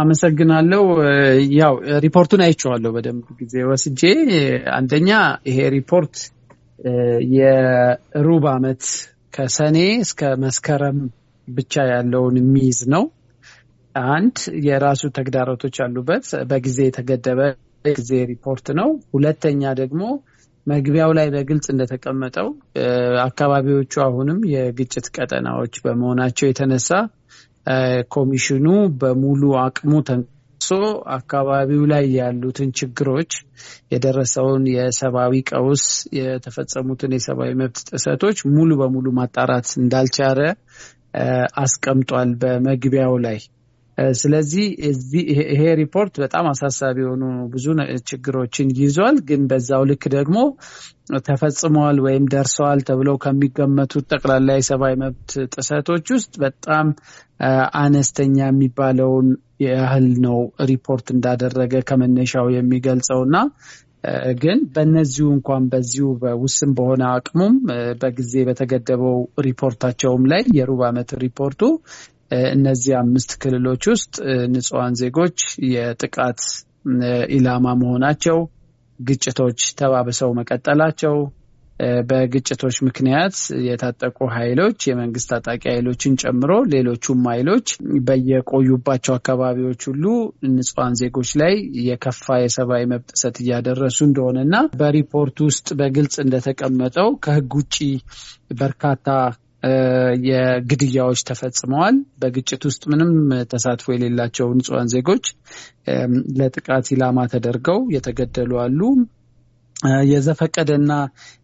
አመሰግናለሁ። ያው ሪፖርቱን አይቼዋለሁ በደንብ ጊዜ ወስጄ። አንደኛ ይሄ ሪፖርት የሩብ ዓመት ከሰኔ እስከ መስከረም ብቻ ያለውን የሚይዝ ነው። አንድ የራሱ ተግዳሮቶች አሉበት። በጊዜ የተገደበ ጊዜ ሪፖርት ነው። ሁለተኛ ደግሞ መግቢያው ላይ በግልጽ እንደተቀመጠው አካባቢዎቹ አሁንም የግጭት ቀጠናዎች በመሆናቸው የተነሳ ኮሚሽኑ በሙሉ አቅሙ ተንቀሶ አካባቢው ላይ ያሉትን ችግሮች፣ የደረሰውን የሰብአዊ ቀውስ፣ የተፈጸሙትን የሰብአዊ መብት ጥሰቶች ሙሉ በሙሉ ማጣራት እንዳልቻለ አስቀምጧል በመግቢያው ላይ። ስለዚህ ይሄ ሪፖርት በጣም አሳሳቢ የሆኑ ብዙ ችግሮችን ይዟል። ግን በዛው ልክ ደግሞ ተፈጽመዋል ወይም ደርሰዋል ተብለው ከሚገመቱት ጠቅላላ የሰብአዊ መብት ጥሰቶች ውስጥ በጣም አነስተኛ የሚባለውን ያህል ነው ሪፖርት እንዳደረገ ከመነሻው የሚገልጸውና ግን በእነዚሁ እንኳን በዚሁ በውስን በሆነ አቅሙም በጊዜ በተገደበው ሪፖርታቸውም ላይ የሩብ ዓመት ሪፖርቱ እነዚህ አምስት ክልሎች ውስጥ ንጹሐን ዜጎች የጥቃት ኢላማ መሆናቸው፣ ግጭቶች ተባብሰው መቀጠላቸው፣ በግጭቶች ምክንያት የታጠቁ ኃይሎች የመንግስት ታጣቂ ኃይሎችን ጨምሮ ሌሎቹም ኃይሎች በየቆዩባቸው አካባቢዎች ሁሉ ንጹሐን ዜጎች ላይ የከፋ የሰብአዊ መብት ጥሰት እያደረሱ እንደሆነና በሪፖርት ውስጥ በግልጽ እንደተቀመጠው ከህግ ውጭ በርካታ የግድያዎች ተፈጽመዋል። በግጭት ውስጥ ምንም ተሳትፎ የሌላቸው ንጹሐን ዜጎች ለጥቃት ኢላማ ተደርገው የተገደሉ አሉ። የዘፈቀደና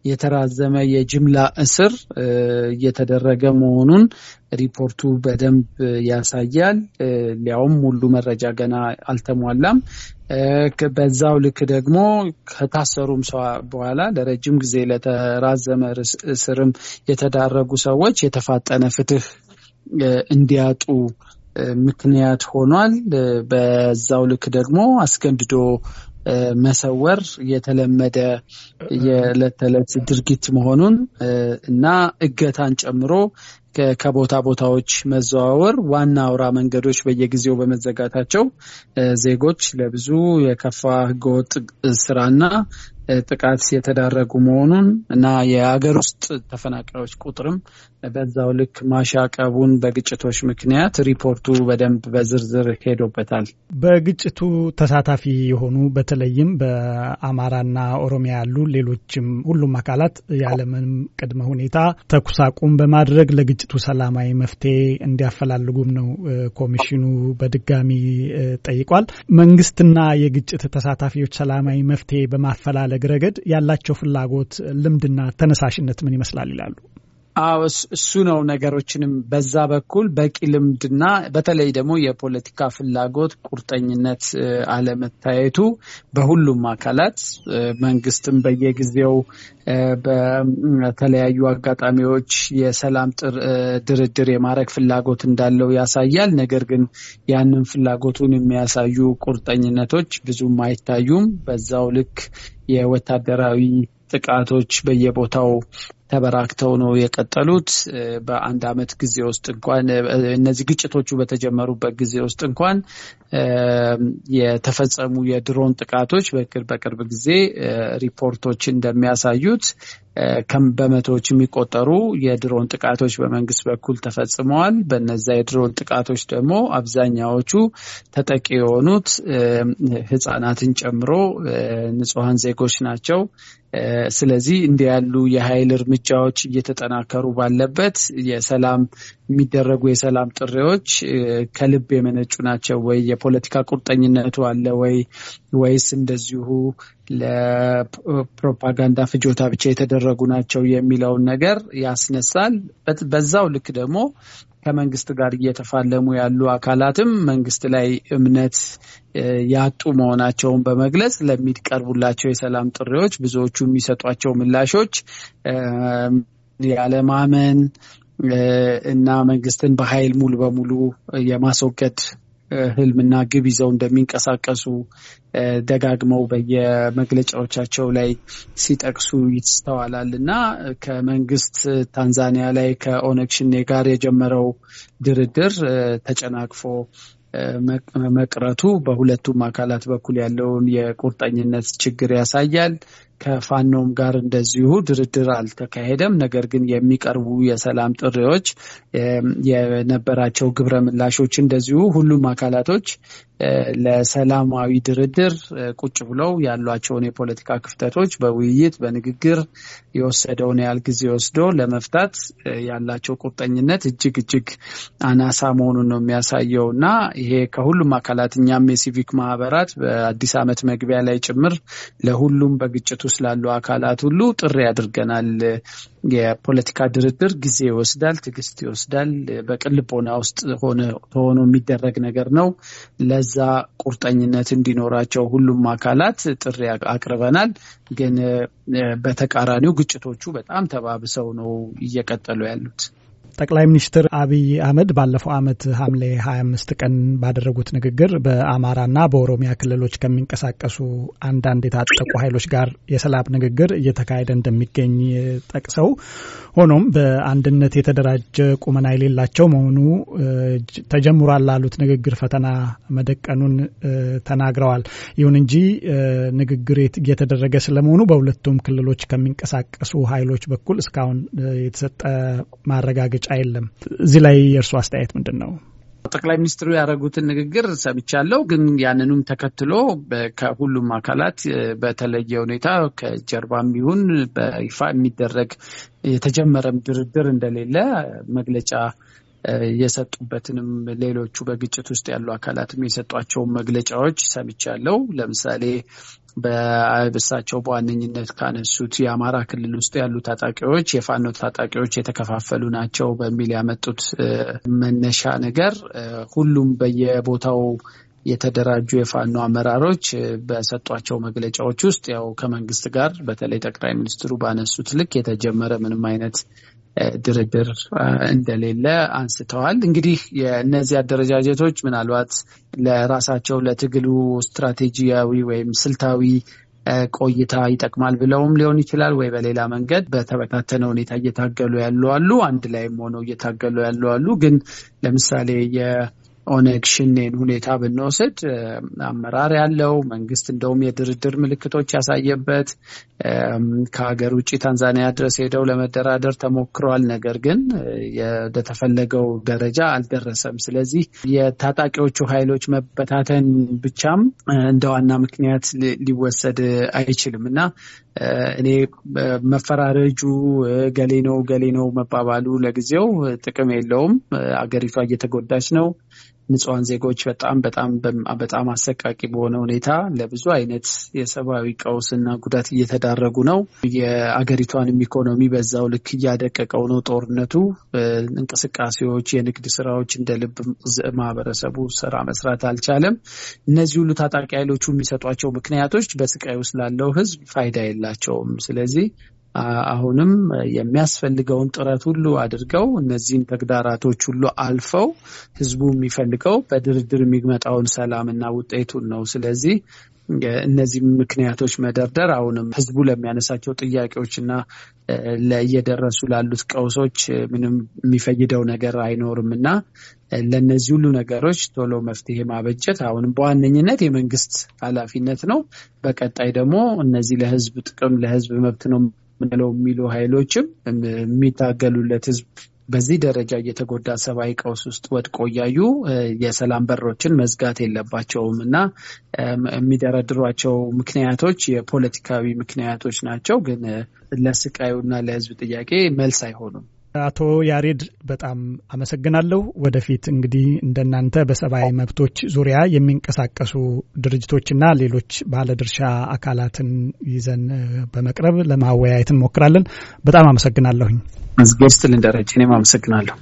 የተራዘመ የጅምላ እስር እየተደረገ መሆኑን ሪፖርቱ በደንብ ያሳያል። ሊያውም ሙሉ መረጃ ገና አልተሟላም። በዛው ልክ ደግሞ ከታሰሩም ሰው በኋላ ለረጅም ጊዜ ለተራዘመ እስርም የተዳረጉ ሰዎች የተፋጠነ ፍትህ እንዲያጡ ምክንያት ሆኗል። በዛው ልክ ደግሞ አስገንድዶ። መሰወር የተለመደ የዕለት ተዕለት ድርጊት መሆኑን እና እገታን ጨምሮ ከቦታ ቦታዎች መዘዋወር ዋና አውራ መንገዶች በየጊዜው በመዘጋታቸው ዜጎች ለብዙ የከፋ ህገወጥ ስራና ጥቃት የተዳረጉ መሆኑን እና የሀገር ውስጥ ተፈናቃዮች ቁጥርም በዛው ልክ ማሻቀቡን በግጭቶች ምክንያት ሪፖርቱ በደንብ በዝርዝር ሄዶበታል። በግጭቱ ተሳታፊ የሆኑ በተለይም በአማራና ኦሮሚያ ያሉ ሌሎችም ሁሉም አካላት ያለምንም ቅድመ ሁኔታ ተኩስ አቁም በማድረግ ለግጭቱ ሰላማዊ መፍትሄ እንዲያፈላልጉም ነው ኮሚሽኑ በድጋሚ ጠይቋል። መንግስትና የግጭት ተሳታፊዎች ሰላማዊ መፍትሄ በማፈላለግ ረገድ ያላቸው ፍላጎት፣ ልምድና ተነሳሽነት ምን ይመስላል ይላሉ? አዎ እሱ ነው። ነገሮችንም በዛ በኩል በቂ ልምድና በተለይ ደግሞ የፖለቲካ ፍላጎት ቁርጠኝነት አለመታየቱ በሁሉም አካላት መንግስትም በየጊዜው በተለያዩ አጋጣሚዎች የሰላም ድርድር የማድረግ ፍላጎት እንዳለው ያሳያል። ነገር ግን ያንን ፍላጎቱን የሚያሳዩ ቁርጠኝነቶች ብዙም አይታዩም። በዛው ልክ የወታደራዊ ጥቃቶች በየቦታው ተበራክተው ነው የቀጠሉት። በአንድ አመት ጊዜ ውስጥ እንኳን እነዚህ ግጭቶቹ በተጀመሩበት ጊዜ ውስጥ እንኳን የተፈጸሙ የድሮን ጥቃቶች በቅርብ በቅርብ ጊዜ ሪፖርቶች እንደሚያሳዩት በመቶዎች የሚቆጠሩ የድሮን ጥቃቶች በመንግስት በኩል ተፈጽመዋል። በነዛ የድሮን ጥቃቶች ደግሞ አብዛኛዎቹ ተጠቂ የሆኑት ህጻናትን ጨምሮ ንጹሐን ዜጎች ናቸው። ስለዚህ እንዲህ ያሉ የኃይል እርምጃዎች እየተጠናከሩ ባለበት የሰላም የሚደረጉ የሰላም ጥሪዎች ከልብ የመነጩ ናቸው ወይ? የፖለቲካ ቁርጠኝነቱ አለ ወይ? ወይስ እንደዚሁ ለፕሮፓጋንዳ ፍጆታ ብቻ የተደረጉ ናቸው የሚለውን ነገር ያስነሳል። በዛው ልክ ደግሞ ከመንግስት ጋር እየተፋለሙ ያሉ አካላትም መንግስት ላይ እምነት ያጡ መሆናቸውን በመግለጽ ለሚቀርቡላቸው የሰላም ጥሪዎች ብዙዎቹ የሚሰጧቸው ምላሾች ያለማመን እና መንግስትን በኃይል ሙሉ በሙሉ የማስወገድ ህልምና ግብ ይዘው እንደሚንቀሳቀሱ ደጋግመው በየመግለጫዎቻቸው ላይ ሲጠቅሱ ይስተዋላል እና ከመንግስት ታንዛኒያ ላይ ከኦነግ ሽኔ ጋር የጀመረው ድርድር ተጨናቅፎ መቅረቱ በሁለቱም አካላት በኩል ያለውን የቁርጠኝነት ችግር ያሳያል። ከፋኖም ጋር እንደዚሁ ድርድር አልተካሄደም። ነገር ግን የሚቀርቡ የሰላም ጥሪዎች የነበራቸው ግብረ ምላሾች እንደዚሁ ሁሉም አካላቶች ለሰላማዊ ድርድር ቁጭ ብለው ያሏቸውን የፖለቲካ ክፍተቶች በውይይት በንግግር የወሰደውን ያህል ጊዜ ወስዶ ለመፍታት ያላቸው ቁርጠኝነት እጅግ እጅግ አናሳ መሆኑን ነው የሚያሳየው እና ይሄ ከሁሉም አካላት እኛም የሲቪክ ማህበራት በአዲስ ዓመት መግቢያ ላይ ጭምር ለሁሉም በግጭቱ ስላሉ አካላት ሁሉ ጥሪ ያድርገናል። የፖለቲካ ድርድር ጊዜ ይወስዳል፣ ትዕግስት ይወስዳል። በቅልቦና ውስጥ ሆኖ የሚደረግ ነገር ነው። ለዛ ቁርጠኝነት እንዲኖራቸው ሁሉም አካላት ጥሪ አቅርበናል። ግን በተቃራኒው ግጭቶቹ በጣም ተባብሰው ነው እየቀጠሉ ያሉት። ጠቅላይ ሚኒስትር አብይ አህመድ ባለፈው ዓመት ሐምሌ 25 ቀን ባደረጉት ንግግር በአማራና በኦሮሚያ ክልሎች ከሚንቀሳቀሱ አንዳንድ የታጠቁ ኃይሎች ጋር የሰላም ንግግር እየተካሄደ እንደሚገኝ ጠቅሰው ሆኖም በአንድነት የተደራጀ ቁመና የሌላቸው መሆኑ ተጀምሯል ላሉት ንግግር ፈተና መደቀኑን ተናግረዋል። ይሁን እንጂ ንግግር እየተደረገ ስለመሆኑ በሁለቱም ክልሎች ከሚንቀሳቀሱ ኃይሎች በኩል እስካሁን የተሰጠ ማረጋገጫ መግለጫ የለም። እዚህ ላይ የእርሱ አስተያየት ምንድን ነው? ጠቅላይ ሚኒስትሩ ያደረጉትን ንግግር ሰምቻለሁ። ግን ያንንም ተከትሎ ከሁሉም አካላት በተለየ ሁኔታ ከጀርባም ቢሆን በይፋ የሚደረግ የተጀመረም ድርድር እንደሌለ መግለጫ የሰጡበትንም ሌሎቹ በግጭት ውስጥ ያሉ አካላትም የሰጧቸውን መግለጫዎች ሰምቻለሁ። ለምሳሌ በእሳቸው በዋነኝነት ካነሱት የአማራ ክልል ውስጥ ያሉ ታጣቂዎች የፋኖ ታጣቂዎች የተከፋፈሉ ናቸው በሚል ያመጡት መነሻ ነገር ሁሉም በየቦታው የተደራጁ የፋኖ አመራሮች በሰጧቸው መግለጫዎች ውስጥ ያው ከመንግስት ጋር በተለይ ጠቅላይ ሚኒስትሩ ባነሱት ልክ የተጀመረ ምንም አይነት ድርድር እንደሌለ አንስተዋል። እንግዲህ የእነዚህ አደረጃጀቶች ምናልባት ለራሳቸው ለትግሉ ስትራቴጂያዊ ወይም ስልታዊ ቆይታ ይጠቅማል ብለውም ሊሆን ይችላል ወይ በሌላ መንገድ በተበታተነ ሁኔታ እየታገሉ ያሉ አሉ፣ አንድ ላይም ሆነው እየታገሉ ያሉ አሉ። ግን ለምሳሌ ኦነግ ሽኔን ሁኔታ ብንወስድ አመራር ያለው መንግስት እንደውም የድርድር ምልክቶች ያሳየበት ከሀገር ውጭ ታንዛኒያ ድረስ ሄደው ለመደራደር ተሞክሯል። ነገር ግን ወደተፈለገው ደረጃ አልደረሰም። ስለዚህ የታጣቂዎቹ ኃይሎች መበታተን ብቻም እንደ ዋና ምክንያት ሊወሰድ አይችልም እና እኔ መፈራረጁ ገሌ ነው ገሌ ነው መባባሉ ለጊዜው ጥቅም የለውም። አገሪቷ እየተጎዳች ነው። ንጹሐን ዜጎች በጣም በጣም በጣም አሰቃቂ በሆነ ሁኔታ ለብዙ አይነት የሰብአዊ ቀውስና ጉዳት እየተዳረጉ ነው። የአገሪቷንም ኢኮኖሚ በዛው ልክ እያደቀቀው ነው ጦርነቱ። እንቅስቃሴዎች፣ የንግድ ስራዎች እንደ ልብ ማህበረሰቡ ስራ መስራት አልቻለም። እነዚህ ሁሉ ታጣቂ ኃይሎቹ የሚሰጧቸው ምክንያቶች በስቃይ ውስጥ ላለው ህዝብ ፋይዳ የላቸውም። ስለዚህ አሁንም የሚያስፈልገውን ጥረት ሁሉ አድርገው እነዚህን ተግዳራቶች ሁሉ አልፈው ህዝቡ የሚፈልገው በድርድር የሚመጣውን ሰላምና ውጤቱን ነው። ስለዚህ እነዚህ ምክንያቶች መደርደር አሁንም ህዝቡ ለሚያነሳቸው ጥያቄዎችና እየደረሱ ላሉት ቀውሶች ምንም የሚፈይደው ነገር አይኖርም እና ለእነዚህ ሁሉ ነገሮች ቶሎ መፍትሄ ማበጀት አሁንም በዋነኝነት የመንግስት ኃላፊነት ነው። በቀጣይ ደግሞ እነዚህ ለህዝብ ጥቅም ለህዝብ መብት ነው ምንለው የሚሉ ኃይሎችም የሚታገሉለት ህዝብ በዚህ ደረጃ እየተጎዳ ሰብአዊ ቀውስ ውስጥ ወድቆ እያዩ የሰላም በሮችን መዝጋት የለባቸውም እና የሚደረድሯቸው ምክንያቶች የፖለቲካዊ ምክንያቶች ናቸው፣ ግን ለስቃዩና ለህዝብ ጥያቄ መልስ አይሆኑም። አቶ ያሬድ በጣም አመሰግናለሁ። ወደፊት እንግዲህ እንደናንተ በሰብአዊ መብቶች ዙሪያ የሚንቀሳቀሱ ድርጅቶችና ሌሎች ባለድርሻ አካላትን ይዘን በመቅረብ ለማወያየት እንሞክራለን። በጣም አመሰግናለሁኝ። እግዜር ልንደረጅ እኔም አመሰግናለሁ።